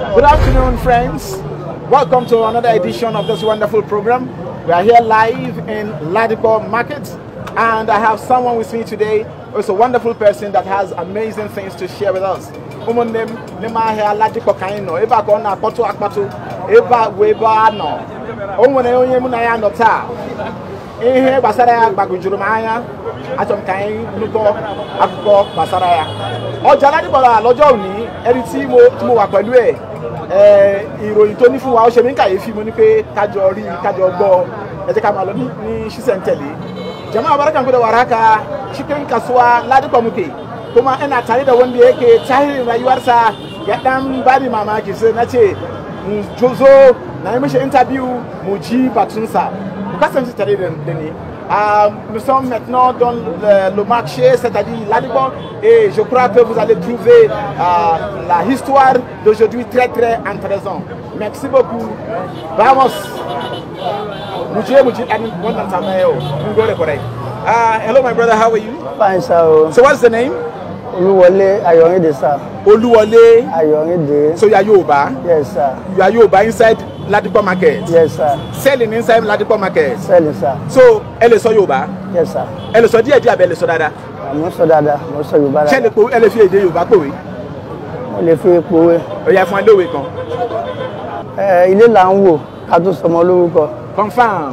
Good afternoon, friends. Welcome to another edition of this wonderful program. We are here live in Ladipo Market, and I have someone with me today who's a wonderful person that has amazing things to share with us. Ladipo akpatụ onye ya ihe gbasara ya gbagojuru m anya achọ ka anyị nụkọ akụkọ gbasara ya ọjà ládìbọ̀lá lọ́jọ́ òní ẹni tí mo pẹ̀lú ìròyìn tó ní fún wa mo ní pé kájọ rí kájọ ẹ ká máa lọ ní ṣísẹ̀ntẹ̀lé jama'a barkan ku da waraka cikin kasuwa ya dan na ce mu zo na yi ji Kassenji Tari Denis. Euh, nous sommes maintenant dans le, le marché, c'est-à-dire l'Alibon, et je crois que vous allez trouver euh, la histoire d'aujourd'hui très très intéressante. Merci beaucoup. Vamos. Uh, hello, my brother. How are you? Fine, sir. Oh. So, what's the name? Oluwole Ayorinde, sir. Oluwole Ayorinde. So, you are Yoruba? Yes, sir. You are Yoruba inside Ladipo market. Yes sir. Selling inside Ladipo market. Selling sir. So ẹ lè sọ Yes sir. Ẹ lè sọ díẹ̀ díẹ̀ abẹ́ ẹ lè sọ dáadáa. Àmọ́ ah, sọ dáadáa, mo sọ Yorùbá dáadáa. Ṣé lè po ẹ lè fi èdè Yorùbá pòwe? Mo lè fi pòwe. Ó yá fún ẹ lówe kan. Ẹ eh, ilé là ń wò ká tó sọmọ lórúkọ. Confirm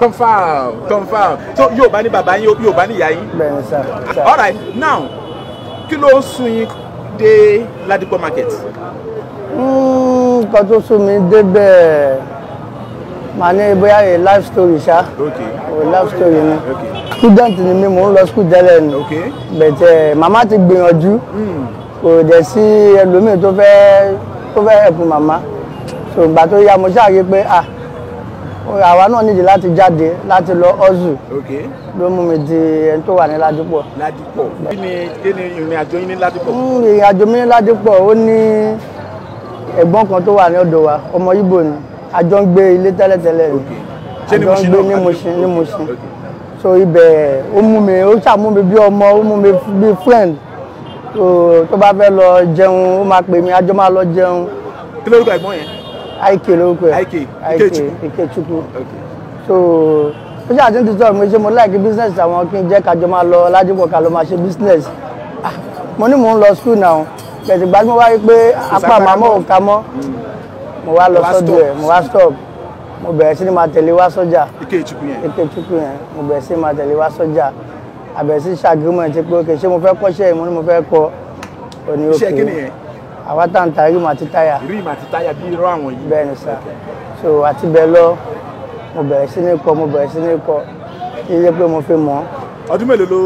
confirm confirm so Yorùbá ni bàbá yín Yorùbá ni ìyá yín. Bẹ́ẹ̀ni sir. All right now kilo ló ń sun yín dé Ladipo market? Mm nǹkan tó sún mi débẹ̀ màá ní bóyá a life story ṣá o life story ni student ni mi mò ń lọ school tẹ́lẹ̀ ni bẹ̀tẹ̀ eh, màmá ti gbìyànjú hmm. kò dẹ̀ sí ẹlòmíì tó fẹ́ tó fẹ́ help màmá so ìgbà tó yá mo ṣáà rí pé ah àwa náà nídìí láti jáde láti lọ ọ́zù ló mú mi di ẹni tó wà ní ládìpọ̀. ládìpọ̀ kí ni ìrìn àjò yín ní ládìpọ̀. Hmm, ìrìn àjò mi ní ládìpọ̀ ó ní ẹ̀gbọ́n kan tó wà ní ọ̀dọ̀ wa ọmọ Ìgbò ni a jọ ń gbé ilé tẹ́lẹ̀tẹ́lẹ̀ ni a jọ ń gbé ní Mùṣín ní Mùṣín so ibẹ̀ ó mú mi ó ṣàmú mi bí ọmọ ó mú mi bí friend so tó bá fẹ́ lọ jẹun ó máa pè mí a jọ máa lọ jẹun. kí lórúkọ ẹ̀gbọ́n yẹn. Ike lórúkọ ẹ̀ Ike Ikechukwu so ó ṣáà ti ń tutọ́ mi ṣe mo láìkí business àwọn kí n jẹ́ ká jọ máa lọ ládìpọ̀ ká máa ṣe business ah, mo ní mò ń lọ school náà pẹ̀sìgbà tí mo wá rí pé apá màmá ò ka mọ́ mo wá lọ sọ́dọ̀ ẹ̀ mo wá stop mo bẹ̀rẹ̀ sí ni máa tẹ̀lé wá sọ́jà ike ìtukù yẹn mo bẹ̀rẹ̀ sí ni máa tẹ̀lé wá sọ́jà àbẹ̀rẹ̀ sí ṣàgírímọ̀ ti pé òkè ṣé mo fẹ́ kọ́ṣẹ́ ìmú ni mo fẹ́ kọ́ òní òkè àwa tá n ta rímù àti táyà rímù àti táyà bí irọ́ àwọn yìí bẹ́ẹ̀ ni sá so àti bẹ́ẹ̀ lọ mo bẹ̀rẹ̀ sí ní kọ́ mo bẹ̀rẹ̀ sí ní kọ́ kí n pé mo fi mọ̀ ọdún mélòó ló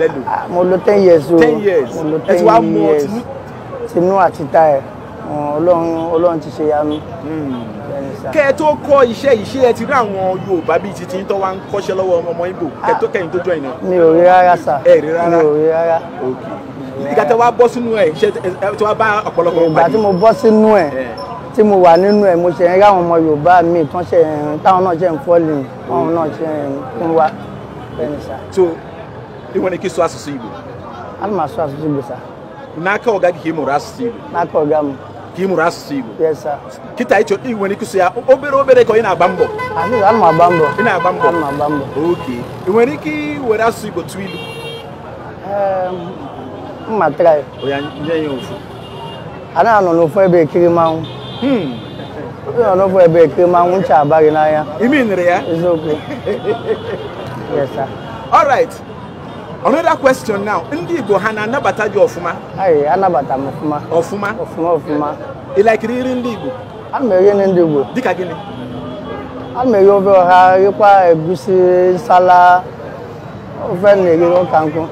lẹ́lò ah, mo lò ten years o ten years mo lò ten years tinú àti ta ẹ̀ ọlọ́run ọlọ́run ti ṣe yanu. Hmm. kẹ́ ẹ tó kọ́ iṣẹ́ iṣẹ́ ẹ ti rí àwọn Yorùbá bíi titi tó wá ń kọ́ṣẹ́ lọ́wọ́ ọmọ Ìgbò kẹ́ tó kẹ́yìn tó jọ ìnà. mi ò rí rárá sà mi ò rí rárá. ìgbà tí wàá bọ́ sínú ẹ̀ ṣe tí wàá bá ọ̀pọ̀lọpọ̀ pàdé. ìgbà tí mo bọ́ sínú ẹ̀ tí mo wà nínú ẹ̀ mo ṣe ń rí àwọn ọmọ Yorùbá mi tán ṣe táwọn náà ṣe ń fọ́ọ̀lì táwọn náà ṣe ń fún wa. so ìwọ ni kí sọ àṣìṣe Ìgbò. a máa sọ àṣìṣe Ìgbò n'aka ọga gị ka ị mụrụ asụsụ Igbo n'aka ọga m ka ị mụrụ asụsụ Igbo kịta ị nwere ịkụsị ya obere obere ka ị na-agba mbọ ị na-agba mbọ oke ị nwere ike iwere asụsụ Igbo tụọ ilu ehm, nye ya ofu a na-anọ n'ofu ebe ekiri mmanwụ onye hmm. nọ n'ofu ebe ekiri mmanwụ ncha abaghị n'anya imi nere ya eziokwu yes sir another question now ndị Igbo ha na-anabata gị ọfụma anabata m ọfụma ọfụma ọfụma ọfụma ịlaikiri iri ndị Igbo ama eri nri ndị Igbo dịka gịnị ama eri ofe ọha rikwa egusi nsala ofe na-eri ụka nkwụ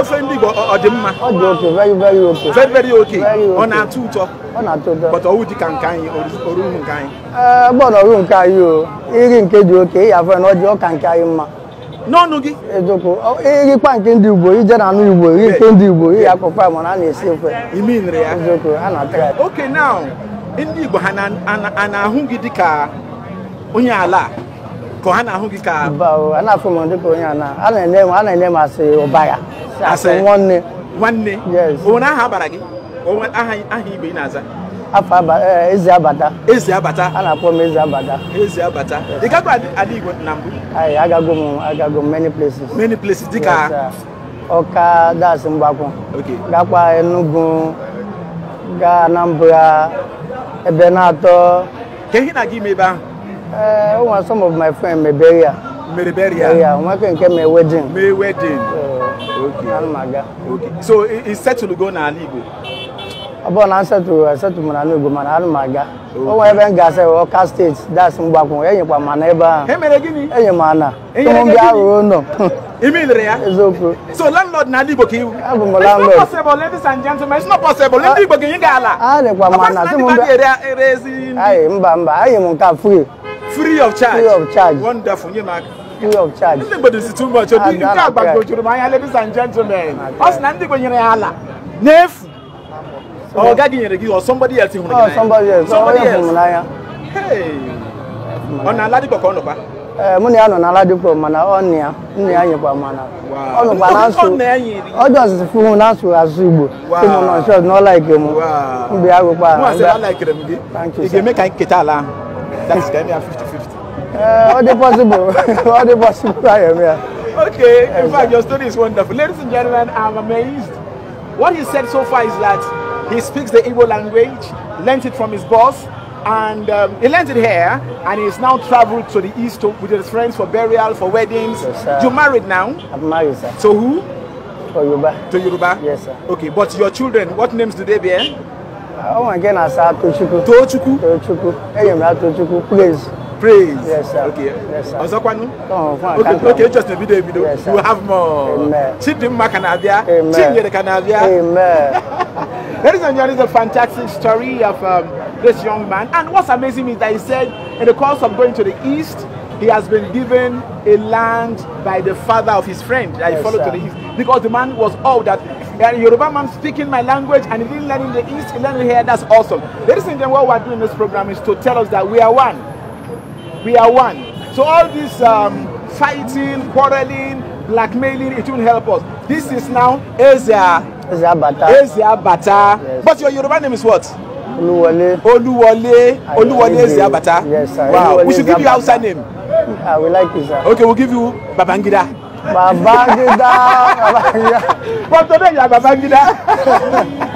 ofe ndị Igbo ọ dị mma ọ dị oke very very oke very very oke ọ na-atọ ụtọ ọ na-atọ ụtọ but ọwụ dịka nke anyị oruhu nke anyị ee eh, gbọdọ ọrụ nke anyị o iri nke dị oke ịyafọ na ọ dị ọka nke anyị mma n'ọnụ gị ejoko ịghịkpa e, e, nke ndị Igbo ije na anụ Igbo ihe nke ndị Igbo ighe akpụkpa mana a na-esi ofe ejoko a na oke now ndị Igbo ha na-ahụ gị dịka onye ala ka ha na-ahụ gị ka a na-afụ m dịka onye ala a na-enye m asị ụbaya asị nwanne nwanne onwere aha a bara gị aha igwe ị na-aza afọ eh, eze abata eze abata a na-akpọ m eze abata eze abata ị gago ala igbo na mbụ ayi agago m agago m many places many places dịka ọka das mgbakwụ gakwa enugu gaa anambra ebe na-atọ ka na gị ime ahụ ee eh, nwa some of my friend meberia. ya mebere nke mee wedin mee wedin eh, ok so i setụlụgo n'ala igbo ọ bụrụ na asatụrụ asatụrụ na n'ugwu mana anụ m aga o ebe m ga-asa ọka steeti das mgbakwu enyekwa mana ebe ahụ enye e m ana e ụmụ ndị ahụ ụlọ eziokwu abụ m landlord mba mba anyị m nka free free of charge wonderful nye m aka free of charge. ndị Igbo too much nke agbagojuru m anya ladies and gentlemen ọ sị na ndị Igbo nyere ya ala ọ gaghị nyere gị somebody else hụrụ gị n'anya ọ na-ala dịkwa ka ọ nọkwa ee mụ na ya nọ na aladipo mana ọ nna ya nna ya nyekwa mana ọ nọkwa na nsụ ọ jọzụzụ fụ na nsụ azụ igbo tụ mụ nọ nshọt na ọ laike m mgbe ya gụkwa ị ga-eme ka anyị nketa ala ahụ ee ọ dị pọsịbụl ọ dị pọsịbụl anyị eme ya Okay, in fact, your story is wonderful. Ladies and gentlemen, I'm amazed. What you said so far is that He speaks the Igbo language, learned it from his boss, and um, he learned it here, and he's now traveled to the East to, with his friends for burial, for weddings. Yes, you married now? I'm married, sir. So who? To Yoruba. To Yoruba? Yes, sir. Okay, but your children, what names do they bear? Oh, again, I said Tochuku. Tochuku? Tochuku. Hey, I'm not Tochuku, please. Praise. Yes, sir. Okay. Yes, sir. Also, Kwanu? Oh, okay, okay, just a video, video. Yes, sir. we have more. Amen. Chidimma Canavia. Amen. Chinyere Canavia. Amen. Ladies and gentlemen, it's a fantastic story of um, this young man. And what's amazing is that he said, in the course of going to the east, he has been given a land by the father of his friend that he followed sir. to the east. Because the man was all that and Yoruba man speaking my language and he didn't learn in the east, he learned here. That's awesome. Ladies and gentlemen, what we're doing in this program is to tell us that we are one. We are one. So all this um, fighting, quarreling, blackmailing, it won't help us. This is now Asia Ezeabata, Abata. Yes. But your Yoruba name is what? Oluwole. Oluwole. Oluwole Ezeabata. Yes, sir. Wow. Oluwole we should give you outside name. I will like you, sir. Okay, we'll give you Babangida. Babangida. Babangida. But today you are Babangida.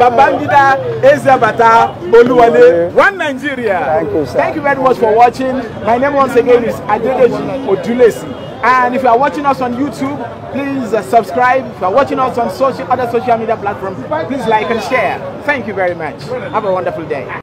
Babangida, Ezeabata, Oluwale, One Nigeria. Thank you, sir. Thank you very much for watching. My name once again is Adedeji Odulesi. And if you are watching us on YouTube, please uh, subscribe. If you are watching us on social, other social media platforms, please like and share. Thank you very much. Have a wonderful day.